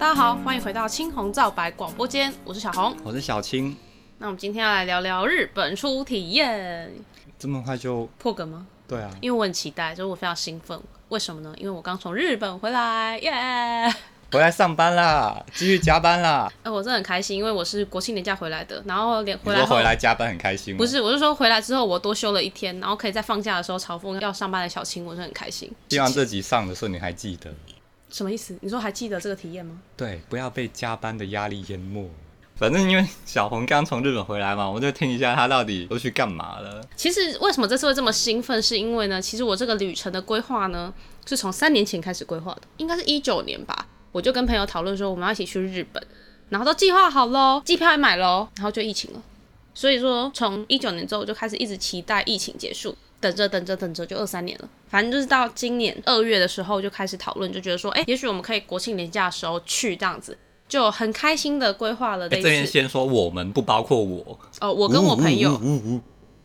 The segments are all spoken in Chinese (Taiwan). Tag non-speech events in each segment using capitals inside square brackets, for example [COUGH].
大家好，歡迎回到青紅皂白廣播間，我是小紅，我是小青。那我們今天要來聊聊日本初體驗。這麼快就破梗嗎？對啊，因為我很期待，就是我非常興奮。為什麼呢？因為我剛從日本回來，耶、yeah!，回來上班啦，繼 [LAUGHS] 續加班啦。呃、我真的很開心，因為我是國慶連假回來的，然後連回來回來加班很開心嗎？不是，我是說回來之後我多休了一天，然後可以在放假的時候嘲諷要上班的小青，我是很開心。希望這集上的時候，你還記得？什麼意思？你說還記得這個體驗嗎？對，不要被加班的壓力淹沒。反正因為小紅剛從日本回來嘛，我們就聽一下她到底都去幹嘛了。其實為什麼這次會這麼興奮？是因為呢，其實我這個旅程的規劃呢，是從三年前開始規劃的，應該是一九年吧。我就跟朋友討論說我們要一起去日本，然後都計劃好嘍，機票也買嘍，然後就疫情了。所以說從一九年之後我就開始一直期待疫情結束。等着等着等着就二三年了，反正就是到今年二月的時候就開始討論，就覺得說，哎，也許我們可以國慶連假的時候去，這樣子就很開心的規劃了這一次。這邊先說，我們不包括我哦，我跟我朋友。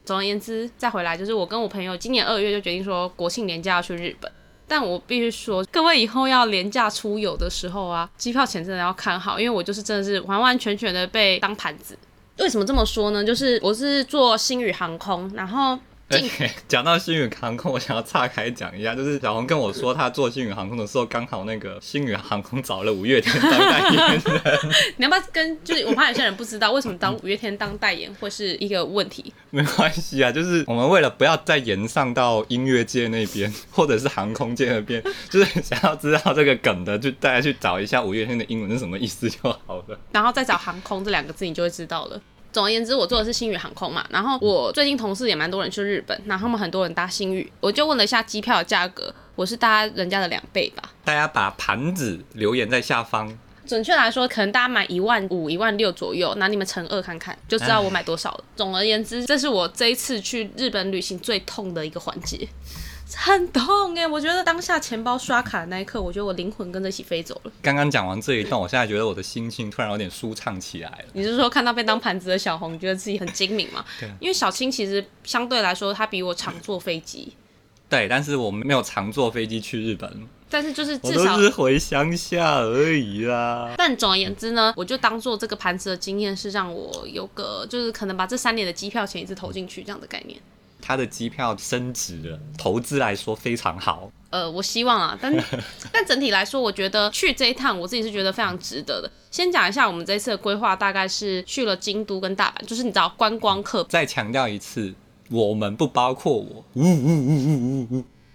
總而言之，再回來就是我跟我朋友今年二月就決定說國慶連假要去日本，但我必須說，各位以後要連假出遊的時候啊，機票錢真的要看好，因為我就是真的是完完全全的被當盤子。為什麼這麼說呢？就是我是坐星宇航空，然後。而且講到星宇航空，我想要岔開講一下，就是小紅跟我說，她做星宇航空的時候，剛好那個星宇航空找了五月天當代言人。 [LAUGHS] 你要不要跟？就是我怕有些人不知道為什麼當五月天當代言會 [LAUGHS] 是一個問題。沒關係啊，就是我們為了不要再延上到音樂界那邊，或者是航空界那邊，就是想要知道這個梗的，就大家去找一下五月天的英文是什麼意思就好了。然後再找航空這兩個字，你就會知道了。總而言之，我坐的是星宇航空嘛，然後我最近同事也蠻多人去日本，然後他們很多人搭星宇。我就問了一下機票的價格，我是搭人家的兩倍吧。大家把盤子留言在下方。準確來說，可能大家買一萬五、一萬六左右，拿你們乘二看看，就知道我買多少了。總而言之，這是我這一次去日本旅行最痛的一個環節。很痛哎！我覺得當下錢包刷卡的那一刻，我覺得我靈魂跟着一起飛走了。剛剛講完這一段，我現在覺得我的心情突然有點舒暢起來了。你是說看到被當盤子的小紅，覺得自己很精明嗎？對。因為小青其實相對來說，她比我常坐飛機。對，但是我沒有常坐飛機去日本。但是就是至少我是回鄉下而已啦。但總而言之呢，我就當做這個盤子的經驗是讓我有個，就是可能把這三年的機票錢一直投進去這樣的概念。他的機票升值了，投資來說非常好。呃，我希望啊，但 [LAUGHS] 但整體來說，我覺得去這一趟，我自己是覺得非常值得的。先講一下我們這次的規劃，大概是去了京都跟大阪，就是你知道觀光客。嗯，再強調一次，我們不包括我。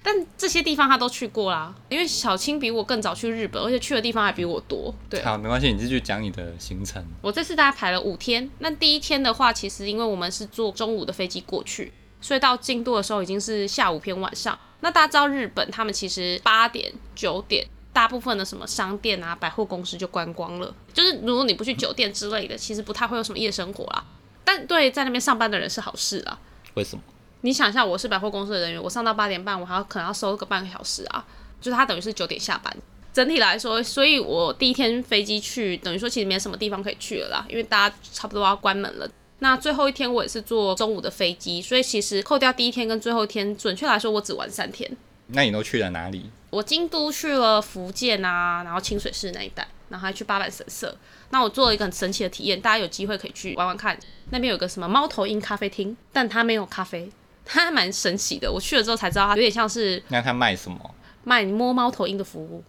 但這些地方他都去過啦，因為小青比我更早去日本，而且去的地方還比我多。對啊，好，沒關係，你繼續講你的行程。我這次大概排了五天，那第一天的話，其實因為我們是坐中午的飛機過去。所以到京都的時候已經是下午偏晚上，那大家知道日本他們其實八點九點大部分的什麼商店啊、百貨公司就關光了，就是如果你不去酒店之類的，其實不太會有什麼夜生活啦。但對在那邊上班的人是好事啊。為什麼？你想一下，我是百貨公司的人員，我上到八點半，我還要可能要收個半個小時啊，就是他等於是九點下班。整體來說，所以我第一天飛機去，等於說其實沒什麼地方可以去了啦，因為大家差不多要關門了。那最後一天，我也是坐中午的飛機，所以其實扣掉第一天跟最後一天，準確來說我只玩三天。那你都去了哪裡？我京都去了福建啊，然後清水寺那一帶，然後還去八坂神社。那我做了一個很神奇的體驗，大家有機會可以去玩玩看。那邊有個什麼貓頭鷹咖啡廳，但它沒有咖啡，它還蠻神奇的。我去了之後才知道，它有點像是。那它賣什麼？賣摸貓頭鷹的服務。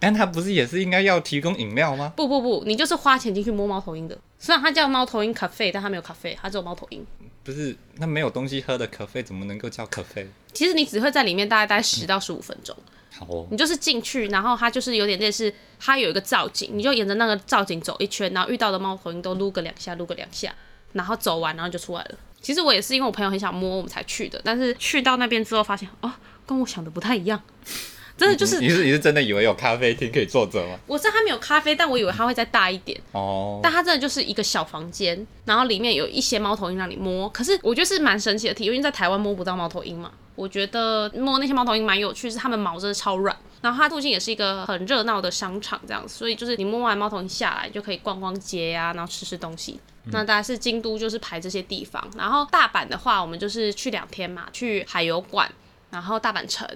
但它不是也是應該要提供飲料嗎？不不不，你就是花錢進去摸貓頭鷹的。雖然它叫貓頭鷹咖啡，但它沒有咖啡，它只有貓頭鷹。不是，那沒有東西喝的咖啡怎麼能夠叫咖啡？其實你只會在裡面大概待十到十五分鐘，嗯。好哦，你就是進去，然後它就是有點類似，它有一個造景，你就沿着那個造景走一圈，然後遇到的貓頭鷹都擼個兩下，下，擼個兩下，然後走完，然後就出來了。其實我也是因為我朋友很想摸我們才去的，但是去到那邊之後發現，哦，跟我想的不太一樣。真的就是你，你是你是真的以為有咖啡廳可以坐着嗎？我知道它沒有咖啡，但我以為它會再大一點。哦、嗯，但它真的就是一個小房間，然後裡面有一些貓頭鷹讓你摸。可是我覺得是蠻神奇的體驗，因為在台灣摸不到貓頭鷹嘛。我覺得摸那些貓頭鷹蠻有趣，是它們毛真的超軟。然後它附近也是一個很熱鬧的商場，這樣子，所以就是你摸完貓頭鷹下來就可以逛逛街呀、啊，然後吃吃東西、嗯。那大概是京都就是排這些地方，然後大阪的話，我們就是去兩天嘛，去海遊館，然後大阪城。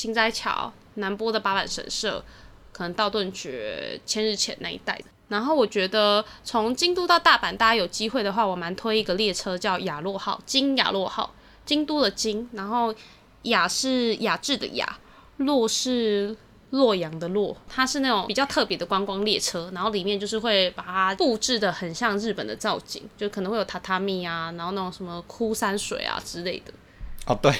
心齋橋、難波的八坂神社，可能道頓堀，千日前那一帶的，然後我覺得從京都到大阪，大家有機會的話，我蠻推一個列車叫雅洛號，京雅洛號，京都的京，然後雅是雅致的雅，洛是洛陽的洛。它是那種比較特別的觀光列車，然後裡面就是會把它布置的很像日本的造景，就可能會有榻榻米啊，然後那種什麼枯山水啊之類的。哦、啊，對。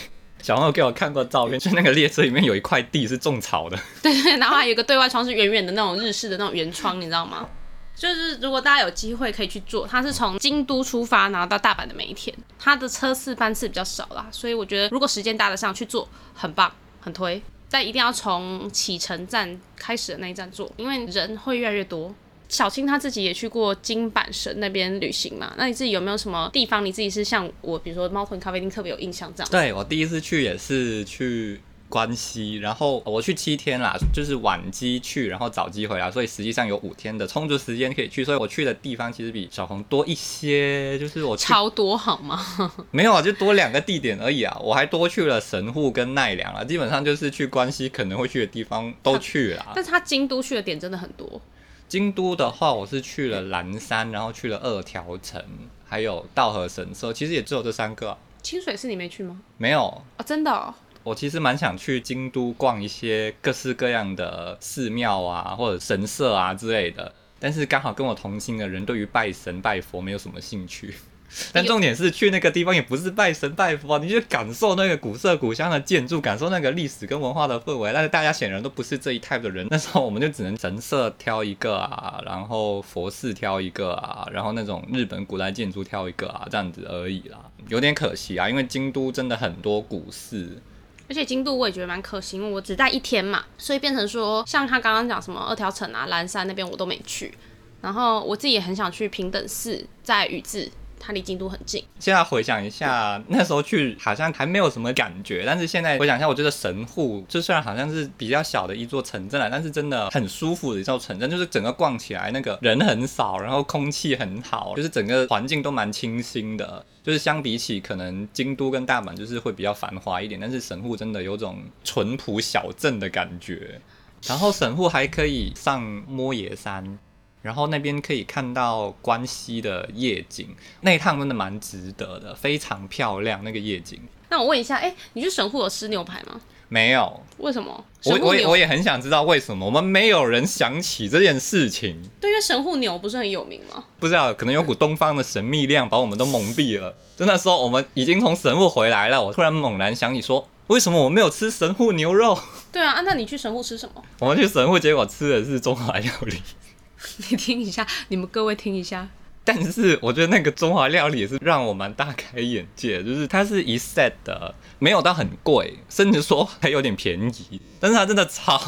小朋友給我看過照片，就那個列車裡面有一塊地是種草的，對對，然後還有一個對外窗是圓圓的那種日式的那種圓窗，你知道嗎？就是如果大家有機會可以去坐，它是從京都出發，然後到大阪的每一天，它的車次班次比較少啦，所以我覺得如果時間搭得上去坐，很棒，很推，但一定要從啟程站開始的那一站坐，因為人會越來越多。小青他自己也去過京阪神那邊旅行嘛？那你自己有沒有什麼地方你自己是像我，比如說貓頭鷹咖啡廳特別有印象這樣？對我第一次去也是去關西，然後我去七天啦，就是晚機去，然後早機回來，所以實際上有五天的充足時間可以去，所以我去的地方其實比小紅多一些，就是我超多好嗎？ [LAUGHS] 沒有啊，就多兩個地點而已啊，我還多去了神戶跟奈良啦，基本上就是去關西可能會去的地方都去了。但是他京都去的點真的很多。京都的話，我是去了嵐山，然後去了二條城，還有稻荷神社，其實也只有這三個。清水寺你沒去嗎？沒有，哦，真的、哦。我其實蠻想去京都逛一些各式各樣的寺廟啊，或者神社啊之類的，但是剛好跟我同行的人對於拜神拜佛沒有什麼興趣。但重點是去那個地方也不是拜神拜佛啊，你就感受那個古色古香的建築，感受那個歷史跟文化的氛圍。但是大家顯然都不是這一 type 的人，那時候我們就只能神社挑一個啊，然後佛寺挑一個啊，然後那種日本古代建築挑一個啊，這樣子而已啦，有點可惜啊，因為京都真的很多古寺，而且京都我也覺得蠻可惜，因為我只待一天嘛，所以變成說像他剛剛講什麼二條城啊、嵐山那邊我都沒去，然後我自己也很想去平等寺，在宇治。它離京都很近。現在回想一下，那時候去好像還沒有什麼感覺，但是現在回想一下，我覺得神戶，就雖然好像是比較小的一座城鎮了，但是真的很舒服的一座城鎮，就是整個逛起來那個人很少，然後空氣很好，就是整個環境都蠻清新的。就是相比起可能京都跟大阪，就是會比較繁華一點，但是神戶真的有種淳樸小鎮的感覺。然後神戶還可以上摩耶山。然後那邊可以看到關西的夜景，那一趟真的蠻值得的，非常漂亮那個夜景。那我問一下，哎，你去神戶有吃牛排嗎？沒有。為什麼？我我我也很想知道為什麼我們沒有人想起這件事情。對，因為神戶牛不是很有名嗎？不知道，可能有股東方的神秘力量把我們都矇蔽了。就那時候，我們已經從神戶回來了，我突然猛然想起，你說，為什麼我沒有吃神戶牛肉？對啊，啊，那你去神戶吃什麼？我們去神戶，結果吃的是中華料理。 [LAUGHS] 你聽一下，你們各位聽一下。但是我覺得那個中華料理也是讓我蠻大開眼界，就是它是一 set 的，沒有到很貴，甚至說還有點便宜，但是它真的超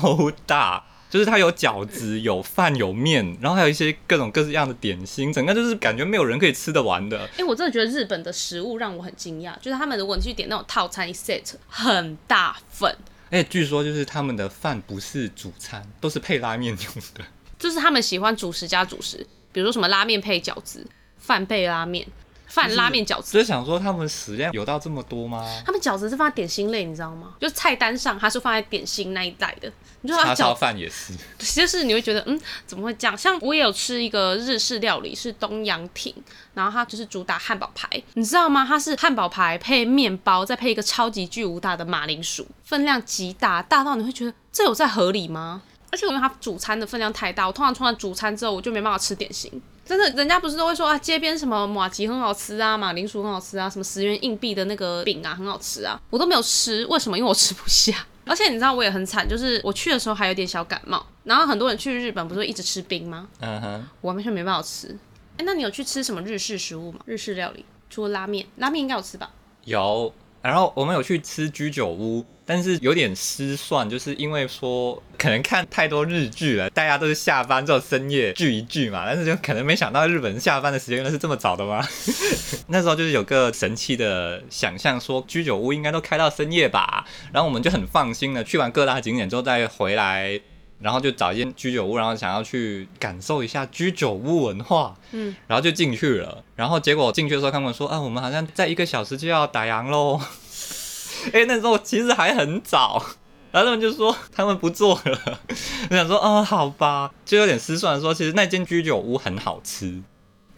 大，就是它有餃子、有飯、有麵，然後還有一些各種各式樣的點心，整個就是感覺沒有人可以吃得完的。哎、欸，我真的覺得日本的食物讓我很驚訝，就是他們如果你去點那種套餐一 set，很大份，而、欸、且據說就是他們的飯不是主餐，都是配拉麵用的。就是他們喜歡主食加主食，比如說什麼拉麵配餃子，飯配拉麵，飯拉麵餃子。是，是想說他們食量有到這麼多嗎？他們餃子是放在點心類，你知道嗎？就菜單上它是放在點心那一帶的。你說他炒飯也是，就是你會覺得嗯，怎麼會這樣？像我也有吃一個日式料理，是東洋亭，然後它就是主打漢堡排，你知道嗎？它是漢堡排配麵包，再配一個超級巨無大的馬鈴薯，分量極大，大到你會覺得這有在合理嗎？而且我因為它主餐的分量太大，我通常吃完主餐之後我就沒辦法吃點心。真的，人家不是都會說啊，街邊什麼麻糬很好吃啊，馬鈴薯很好吃啊，什麼十元硬幣的那個餅啊很好吃啊，我都沒有吃，為什麼？因為我吃不下。 [LAUGHS] 而且你知道我也很慘，就是我去的時候還有點小感冒，然後很多人去日本不是會一直吃冰嗎？嗯哼，我完全沒辦法吃。哎、欸，那你有去吃什麼日式食物嗎？日式料理，除了拉麵，拉面應該有吃吧？有。然後我們有去吃居酒屋，但是有點失算，就是因為說可能看太多日劇了，大家都是下班之後深夜聚一聚嘛，但是就可能沒想到日本下班的時間是這麼早的嘛。 [LAUGHS] 那時候就是有個神奇的想象，說居酒屋應該都開到深夜吧，然後我們就很放心了，去完各大景點之後再回來。然後就找一間居酒屋，然後想要去感受一下居酒屋文化，嗯，然後就進去了。然後結果進去的時候，他們說：“啊，我們好像在一個小時就要打烊嘍。 [LAUGHS] ”哎，那時候其實還很早，然後他們就說他們不做了。 [LAUGHS] 我想說，啊、哦，好吧，就有點失算的說，其實那間居酒屋很好吃。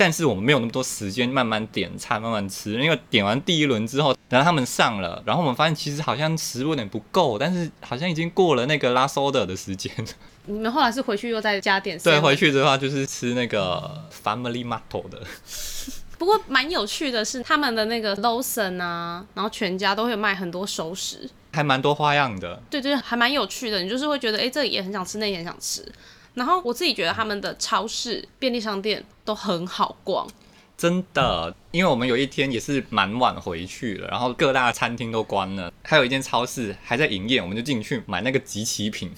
但是我們沒有那麼多時間慢慢點菜，慢慢吃，因為點完第一輪之後，然後他們上了，然後我們發現其實好像食物有點不夠，但是好像已經過了那個 last order 的時間。你們後來是回去又再加點？對，回去的話就是吃那個 FamilyMart 的。不過蠻有趣的是，他們的那個 Lawson 啊，然後全家都會賣很多熟食，還蠻多花樣的。對對，對，還蠻有趣的，你就是會覺得，哎、欸，這裡也很想吃，那裡也很想吃。然後我自己覺得他們的超市、便利商店都很好逛，真的、嗯。因為我們有一天也是蠻晚回去了，然後各大的餐廳都關了，還有一間超市還在營業，我們就進去買那個即期品。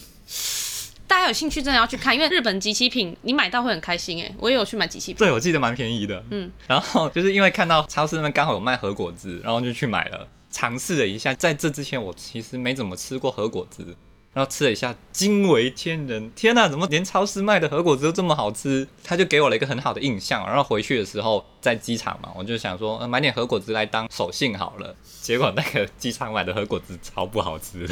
大家有興趣真的要去看，因為日本即期品你買到會很開心哎。我也有去買即期品，對，我記得蠻便宜的。嗯，然後就是因為看到超市那邊剛好有賣和菓子，然後就去買了，嘗試了一下。在這之前我其實沒怎麼吃過和菓子。然後吃了一下，驚為天人！天啊，怎麼連超市賣的和菓子都這麼好吃？他就給我了一個很好的印象。然後回去的時候，在機場嘛，我就想說、呃、買點和菓子來當手信好了。結果那個機場買的和菓子超不好吃，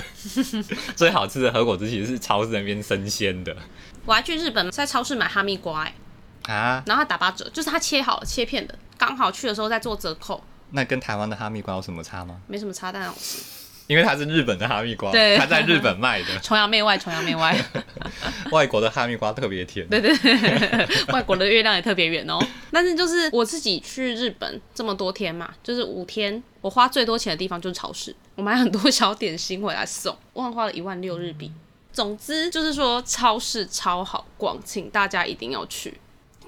[LAUGHS] 最好吃的和菓子其實是超市那邊生鮮的。我還去日本在超市買哈密瓜、欸，啊，然後他打八折，就是他切好了切片的，剛好去的時候在做折扣。那跟台灣的哈密瓜有什麼差嗎？沒什麼差，但好吃。因為它是日本的哈密瓜，對，它在日本賣的，崇洋媚外，崇洋媚外。 [LAUGHS] [LAUGHS] 外國的哈密瓜特別甜，對對，對 [LAUGHS] 外國的月亮也特別圓哦。 [LAUGHS] 但是就是我自己去日本這麼多天嘛，就是五天，我花最多錢的地方就是超市，我買很多小點心回來送，我還花了一萬六日幣、嗯。總之就是說超市超好逛，請大家一定要去。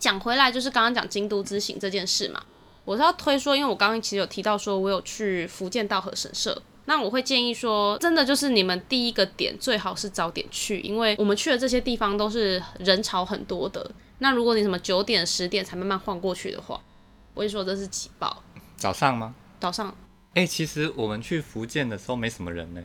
講回來就是剛剛講京都之行這件事嘛，我是要推說，因為我剛剛其實有提到說，我有去伏見稻荷神社。那我會建議說，真的就是你們第一個點最好是早點去，因為我們去的這些地方都是人潮很多的。那如果你什麼九點、十點才慢慢晃過去的話，我會說這是擠爆。早上嗎？早上。哎，其實我們去伏見的時候沒什麼人呢。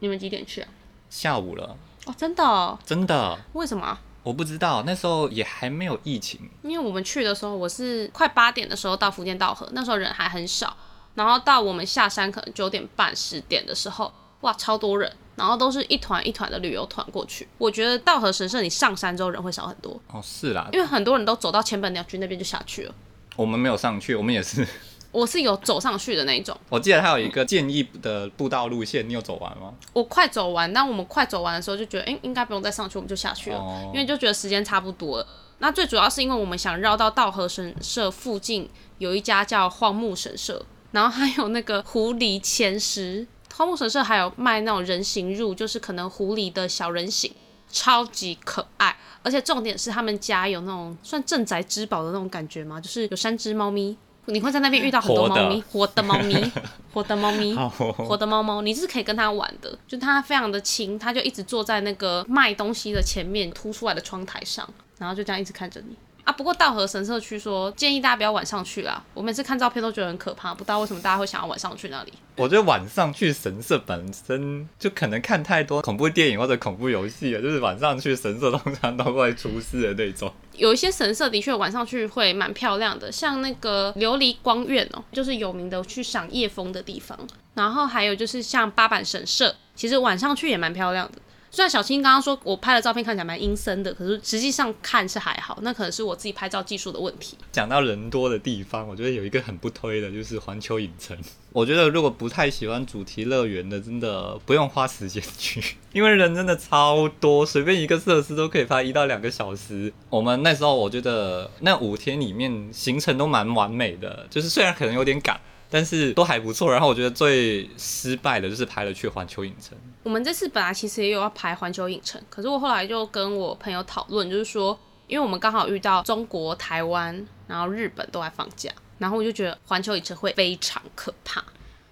你們幾點去啊？下午了。哦，真的？真的？為什麼？我不知道，那時候也還沒有疫情。因為我們去的時候，我是快八點的時候到伏見稻荷，那時候人還很少。然後到我們下山可能九點半十點的時候，哇，超多人，然後都是一團一團的旅遊團過去。我覺得稻荷神社你上山之後人會少很多哦，是啦，因為很多人都走到千本鳥居那邊就下去了。我們沒有上去，我們也是。我是有走上去的那一種。我記得他有一個建議的步道路線、嗯，你有走完嗎？我快走完，但我們快走完的時候就覺得，哎，應該不用再上去，我們就下去了、哦，因為就覺得時間差不多了。那最主要是因為我們想繞到稻荷神社附近有一家叫荒木神社。然後還有那個狐狸前十荒木神社，還有賣那種人形肉，就是可能狐狸的小人形，超級可愛。而且重點是他們家有那種算鎮宅之寶的那種感覺嘛，就是有三只貓咪，你會在那邊遇到很多貓咪，活的,活的貓咪，活的貓咪, [LAUGHS] 活的貓咪，活的貓貓，你是可以跟它玩的，就它非常的親，它就一直坐在那個賣東西的前面凸出來的窗台上，然後就這樣一直看着你。啊，不過稻荷神社區說建議大家不要晚上去啦。我每次看照片都覺得很可怕，不知道為什麼大家會想要晚上去那裡。我覺得晚上去神社本身就可能看太多恐怖電影或者恐怖遊戲了，就是晚上去神社通常都會出事的那種。有一些神社的確晚上去會蠻漂亮的，像那個琉璃光院哦、喔，就是有名的去賞夜楓的地方。然後還有就是像八坂神社，其實晚上去也蠻漂亮的。雖然小青剛剛說我拍的照片看起來蠻陰森的，可是實際上看是還好，那可能是我自己拍照技術的問題。講到人多的地方，我覺得有一個很不推的就是環球影城。我覺得如果不太喜歡主題樂園的，真的不用花時間去，因為人真的超多，隨便一個設施都可以排一到兩個小時。我們那時候我覺得那五天裡面行程都蠻完美的，就是雖然可能有點趕。但是都還不錯，然後我覺得最失敗的就是排了去環球影城。我們這次本來其實也有要排環球影城，可是我後來就跟我朋友討論，就是說，因為我們剛好遇到中國台灣，然後日本都還放假，然後我就覺得環球影城會非常可怕。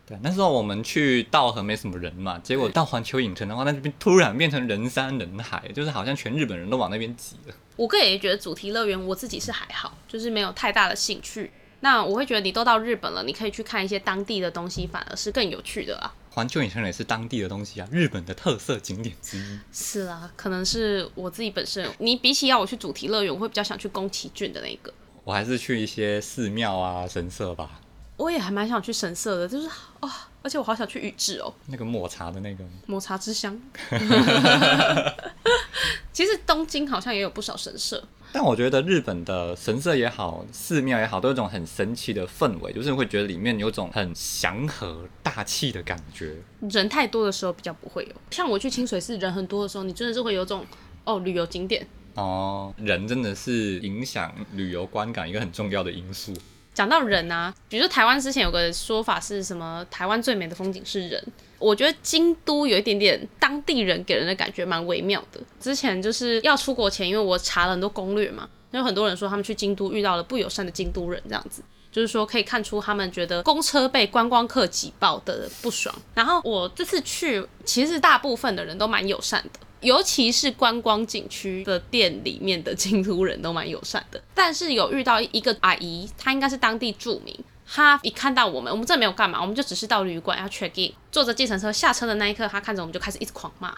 對，那時候我們去稻荷沒什麼人嘛，結果到環球影城的話，那邊突然變成人山人海，就是好像全日本人都往那邊擠了。我個人也覺得主題樂園，我自己是還好，就是沒有太大的興趣。那我會覺得你都到日本了，你可以去看一些當地的東西，反而是更有趣的啊。環球影城也是當地的東西啊，日本的特色景點之一。是啊，可能是我自己本身，你比起要我去主題樂園，我會比較想去宮崎駿的那個。我還是去一些寺廟啊，神社吧。我也還蠻想去神社的，就是啊、哦，而且我好想去宇治哦，那個抹茶的那個，抹茶之鄉。 [LAUGHS] [LAUGHS] [LAUGHS] 其實東京好像也有不少神社。但我覺得日本的神社也好，寺廟也好，都有種很神奇的氛圍，就是會覺得裡面有種很祥和大氣的感覺。人太多的時候比較不會有，像我去清水寺人很多的時候，你真的是會有一種哦，旅遊景點哦，人真的是影響旅遊觀感一個很重要的因素。講到人啊，比如說台灣之前有個說法是什麼？台灣最美的風景是人。我覺得京都有一點點當地人給人的感覺蠻微妙的。之前就是要出國前，因為我查了很多攻略嘛，因為很多人說他們去京都遇到了不友善的京都人，這樣子，就是說可以看出他們覺得公車被觀光客擠爆的不爽。然後我這次去，其實大部分的人都蠻友善的，尤其是觀光景區的店裡面的京都人都蠻友善的。但是有遇到一個阿姨，她應該是當地住民。他一看到我們，我們真的沒有幹嘛，我們就只是到旅館要 check in，坐着計程車下車的那一刻，他看着我們就開始一直狂罵，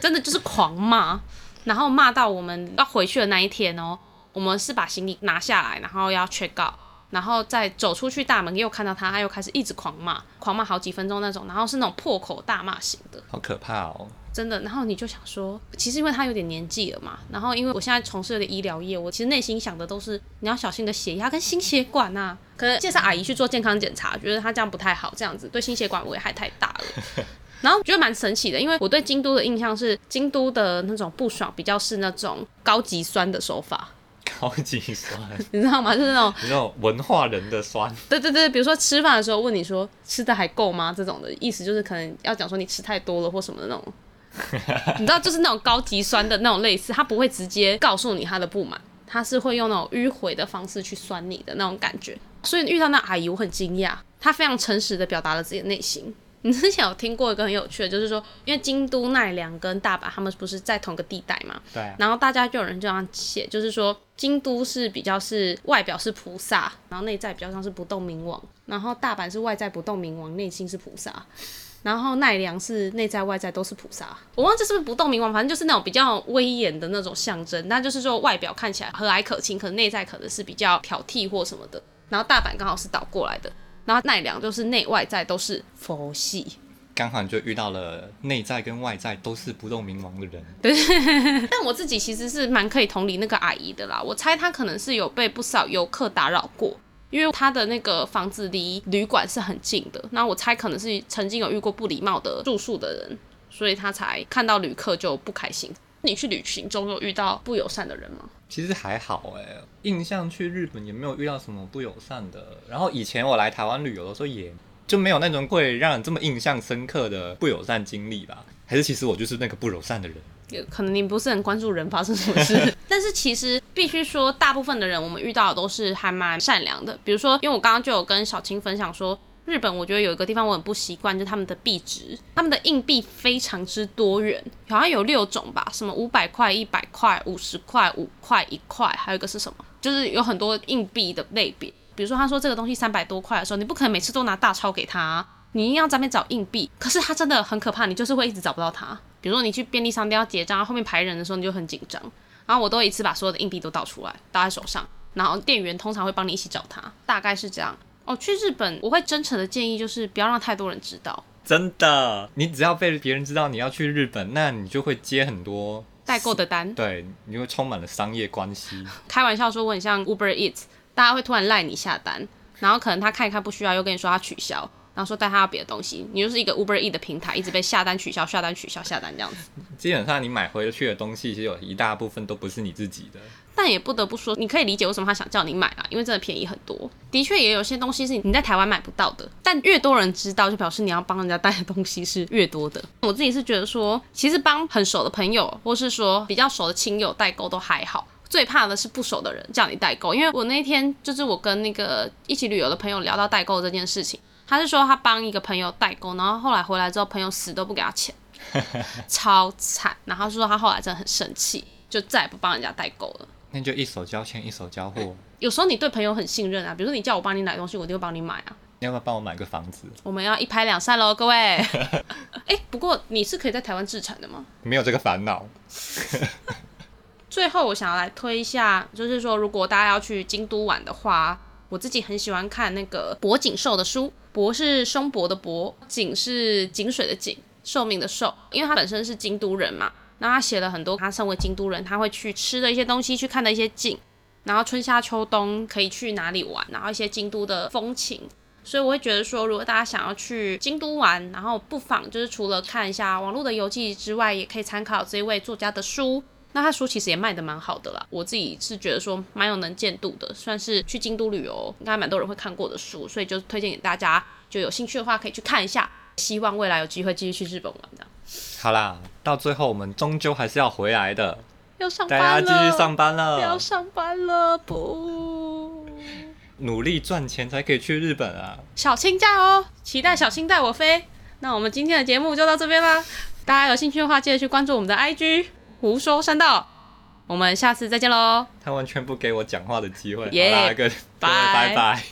真的就是狂罵， [LAUGHS] 然後罵到我們要回去的那一天哦，我們是把行李拿下來，然後要 check out，然後再走出去大門又看到他，他又開始一直狂罵，狂罵好幾分鐘那種，然後是那種破口大罵型的，好可怕哦。真的，然後你就想說，其實因為他有點年紀了嘛，然後因為我現在從事有點醫療業，我其實內心想的都是你要小心你的血壓跟心血管吶、啊。可能介紹阿姨去做健康檢查，覺得她這樣不太好，這樣子對心血管危害太大了。 [LAUGHS] 然後覺得蠻神奇的，因為我對京都的印象是京都的那種不爽比較是那種高級酸的手法，高級酸， [LAUGHS] 你知道嗎？就是那種那種文化人的酸， [LAUGHS] 對對對，比如說吃飯的時候問你說吃的還夠嗎？這種的意思就是可能要講說你吃太多了或什麼的那種。 [LAUGHS] 你知道，就是那種高級酸的那種類似，他不會直接告訴你他的不滿，他是會用那種迂迴的方式去酸你的那種感覺。所以遇到那種阿姨，我很驚訝，他非常誠實的表達了自己的內心。你之前有聽過一個很有趣的，就是說，因為京都奈良、跟大阪他們不是在同個地帶嘛？對啊。然後大家就有人這樣寫，就是說，京都是比較是外表是菩薩，然後內在比較像是不動明王，然後大阪是外在不動明王，內心是菩薩。然後奈良是內在外在都是菩薩，我忘記是不是不動明王，反正就是那種比較威嚴的那種象徵。那就是說外表看起來和藹可親，可能內在可能是比較挑剔或什麼的。然後大阪剛好是倒過來的，然後奈良就是內外在都是佛系。剛好就遇到了內在跟外在都是不動明王的人。對， [LAUGHS] 但我自己其實是蠻可以同理那個阿姨的啦。我猜她可能是有被不少遊客打擾過。因為他的那個房子離旅館是很近的，那我猜可能是曾經有遇過不禮貌的住宿的人，所以他才看到旅客就不開心。你去旅行中有遇到不友善的人嗎？其實還好哎、欸，印象去日本也沒有遇到什麼不友善的。然後以前我來台灣旅遊的時候，也就沒有那種會讓人這麼印象深刻的不友善經歷吧？還是其實我就是那個不友善的人？可能你不是很關注人發生什麼事，是是 [LAUGHS] 但是其實必須說，大部分的人我們遇到的都是還蠻善良的。比如說，因為我剛剛就有跟小青分享說，日本我覺得有一個地方我很不習慣，就是他們的幣值，他們的硬幣非常之多元，好像有六種吧，什麼五百塊、一百塊、五十塊、五塊、一塊，還有一個是什麼，就是有很多硬幣的類別。比如說他說這個東西三百多塊的時候，你不可能每次都拿大鈔給他，你一定要在那邊找硬幣。可是他真的很可怕，你就是會一直找不到他。比如說你去便利商店要結賬，然後後面排人的時候你就很緊張，然後我都一次把所有的硬幣都倒出來，倒在手上，然後店員通常會幫你一起找他，大概是這樣。哦，去日本我會真誠的建議就是不要讓太多人知道。真的，你只要被別人知道你要去日本，那你就會接很多代購的單，對，你會充滿了商業關係。開玩笑說我很像 Uber Eats，大家會突然賴你下單，然後可能他看一看不需要，又跟你說他取消。然後說帶他要別的東西，你就是一個 Uber E 的平台，一直被下單取消、下單取消、下單這樣子。 [LAUGHS] 基本上你買回去的東西，其實有一大部分都不是你自己的。但也不得不說，你可以理解為什麼他想叫你買啦，啊，因為真的便宜很多。的確也有些東西是你在台灣買不到的。但越多人知道，就表示你要幫人家帶的東西是越多的。我自己是覺得說，其實幫很熟的朋友，或是說比較熟的親友代購都還好。最怕的是不熟的人叫你代購，因為我那天就是我跟那個一起旅遊的朋友聊到代購這件事情。他是說他幫一個朋友代購，然後後來回來之後，朋友死都不給他錢，超慘。然後他說他後來真的很生氣，就再也不幫人家代購了。那就一手交錢，一手交貨。哎，有時候你對朋友很信任啊，比如說你叫我幫你買東西，我一定會幫你買啊。你要不要幫我買個房子？我們要一拍兩散嘍，各位。哎， [LAUGHS] 不過你是可以在台灣制成的嗎？沒有這個煩惱。 [LAUGHS] 最後我想要來推一下，就是說如果大家要去京都玩的話。我自己很喜歡看那個柏井壽的書，柏是松柏的柏，井是井水的井，壽命的壽，因為他本身是京都人嘛，那他寫了很多他身為京都人他會去吃的一些東西，去看的一些景，然後春夏秋冬可以去哪裡玩，然後一些京都的風情，所以我會覺得說，如果大家想要去京都玩，然後不妨就是除了看一下網絡的遊記之外，也可以參考這一位作家的書。那他書其實也賣的蠻好的啦，我自己是覺得說蠻有能見度的，算是去京都旅遊應該蠻多人會看過的書，所以就推薦給大家，就有興趣的話可以去看一下。希望未來有機會繼續去日本玩的。好啦，到最後我們終究還是要回來的，要上班了。繼續上班了，要上班了，不， [LAUGHS] 努力賺錢才可以去日本啊。小青假哦，期待小青帶我飛。那我們今天的節目就到這邊啦，大家有興趣的話記得去關注我們的 IG。狐說三道，我們下次再見嘍。他完全不給我講話的機會。來、yeah, 個拜拜。